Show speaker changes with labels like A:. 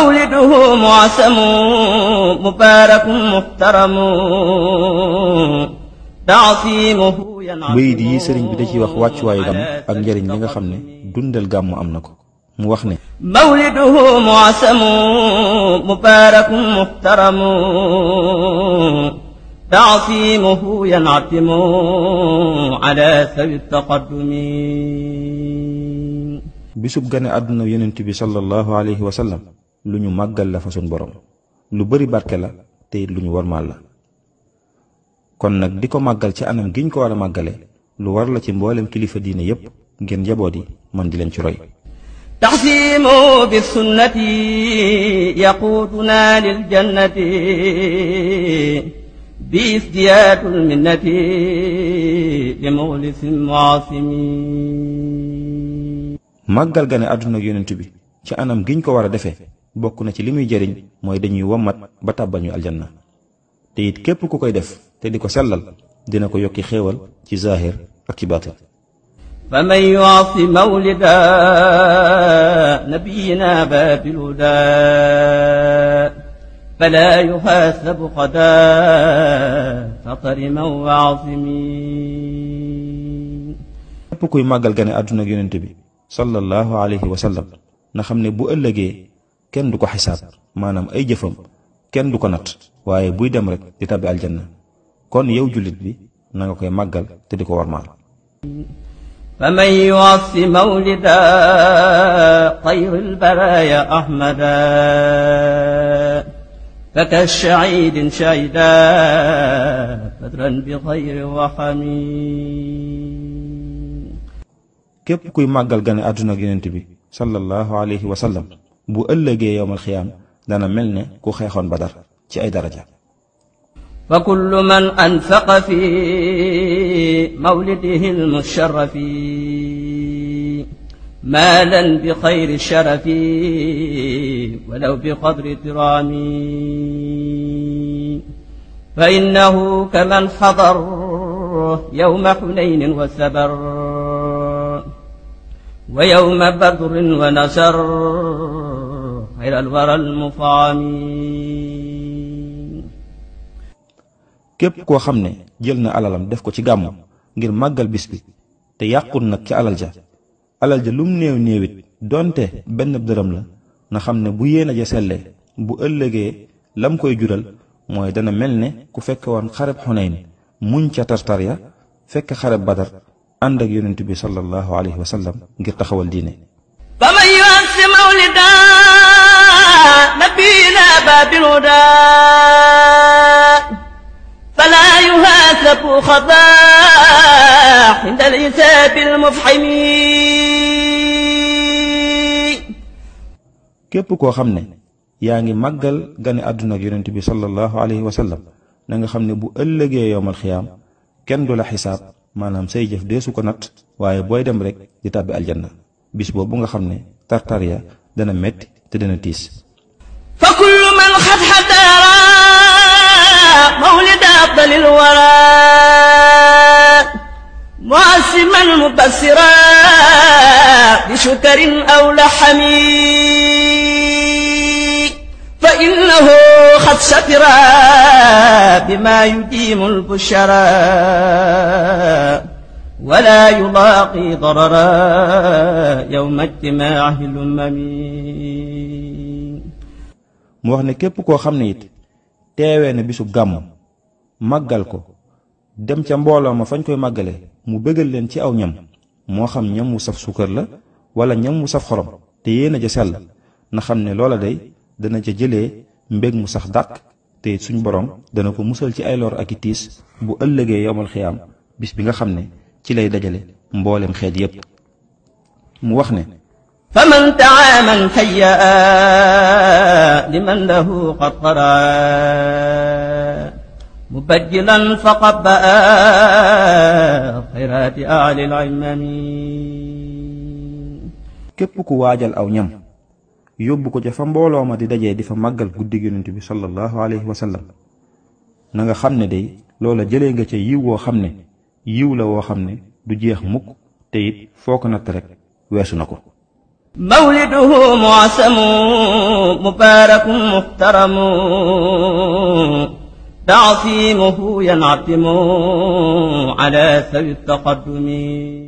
A: مولده معسم مبارك محترم
B: تعصيمه bayit yi sëriñ bi da ciy wax wàccuwaayu gàmm ak njëriñ li nga xam ne dundal gàmm am na ko mu wax ne mawliduhu muasamu
A: mubarakum muhtaramu
B: taasimuhu yanatimu ala sawi taqaddumi bisub gane àdduna yonent bi sallallahu alayhi wa sallam lu ñu màggal la fa suñ borom lu bari barke la te lu ñu warmaal la kon nag di ko màggal ci anam giñ ko war a màggale lu war la ci mboolem kilifa diine yépp ngeen njaboot yi man di leen ci roy
A: taxsimu bi sunnati yaquutuna lil jannati bi isdiyaatul minnati li muxlisin muasimi
B: màggal gane àdduna yonent bi ci anam giñ ko war a defee bokku na ci limuy muy jëriñ mooy dañuy wamat ba tabbañu aljanna te it kep ku koy def te diko selal dina ko yokki xewal ci zahir ak ci baatin
A: فمن يعص مولدا نبينا باب الهدى فلا يحاسب قدا فطرما وعظمين.
B: بوكوي ماغال غاني ادونا يونتبي صلى الله عليه وسلم alayhi wa sallam na kenn du ko xisaab maanaam ay jëfam kenn du ko nat waaye buy dem rek di tabbi aljanna kon yow julit bi na nga koy màggal te di ko warmaal
A: فمن يعص مولدا خير البرايا أحمدا فكالشعيد شعيدا بدرا بخير وحميد
B: كيف كوي ماغال غاني ادنا يونت بي صلى الله عليه وسلم bu ëllëgee yowmal xiyaam dana mel ne ku xeexoon badar ci ay daraja
A: fa kullu man anfaqa fi mawlidihi almusharafi maalan bi xayri sharafi walaw bi qadri dirami fa innahu kaman xadar yowma xunaynin wa sabar ويوم بدر ونسر خير الورى المطامين
B: képp koo xam ne jël na alalam def ko ci gàmmu ngir màggal bis bi te yàqul nag ci alal ja alal ja lum néew néewit donte benn dërëm la na xam ne bu yéen a ja sellee bu ëllëgee lam koy jural mooy dana mel ne ku fekk woon xareb xunayn muñ ca tartar ya fekk xareb badar ànd ak yonent bi sallallahu alayhi wa sallam ngir taxawal diine.
A: نبينا بابل ودا فلا يهاسب خضاع عند الإساب المفحمي
B: كيف كو خمنا يعني مقل غني أدنى جرنتبي صلى الله عليه وسلم نغا خامني بو ألغي يوم الخيام كين دولا حساب مانام سي جيف ديسو كو نات واي بوي ديم ريك دي تابي الجنه بيس بو غا خامني تارتاريا دنا ميت تي دانا تيس فكل من خد حتى مولد أفضل
A: الورى معسما مبصرا بشكر أو لحم فإنه خد سفر بما يديم البشرى ولا يلاقي ضررا يوم اجتماعه الأمم
B: mu wax ne képp koo xam ne it teewee na bisub gàmmu màggal ko dem ca mbooloo ma fañ koy màggale mu bëggal leen ci aw ñam moo xam ñam wu saf suukar la wala ñam wu saf xorom te yéen a ja sell na xam ne loola day dana ca jële mbég mu sax dàq te it suñ borom dana ko musal ci ay lor ak i bu ëllëgee yomal xiyaam bis bi nga xam ne ci lay dajale mboolem xeet yépp mu wax ne
A: فمن تعامل سيئا لمن له قد قرا مبجلا فقد بأى خيرات أهل العلم
B: képp ku waajal aw ñam yóbbu ko ca fa mbooloo ma di dajee di fa màggal guddi yonent bi sallallahu alayhi wa na nga xam ne day loola jële nga ca yiw woo xam ne yiw la woo xam ne du jeex mukk te it foo ko natt rek weesu na ko
A: مولده معسم مبارك محترم تعصيمه ينعتم على سوي التقدم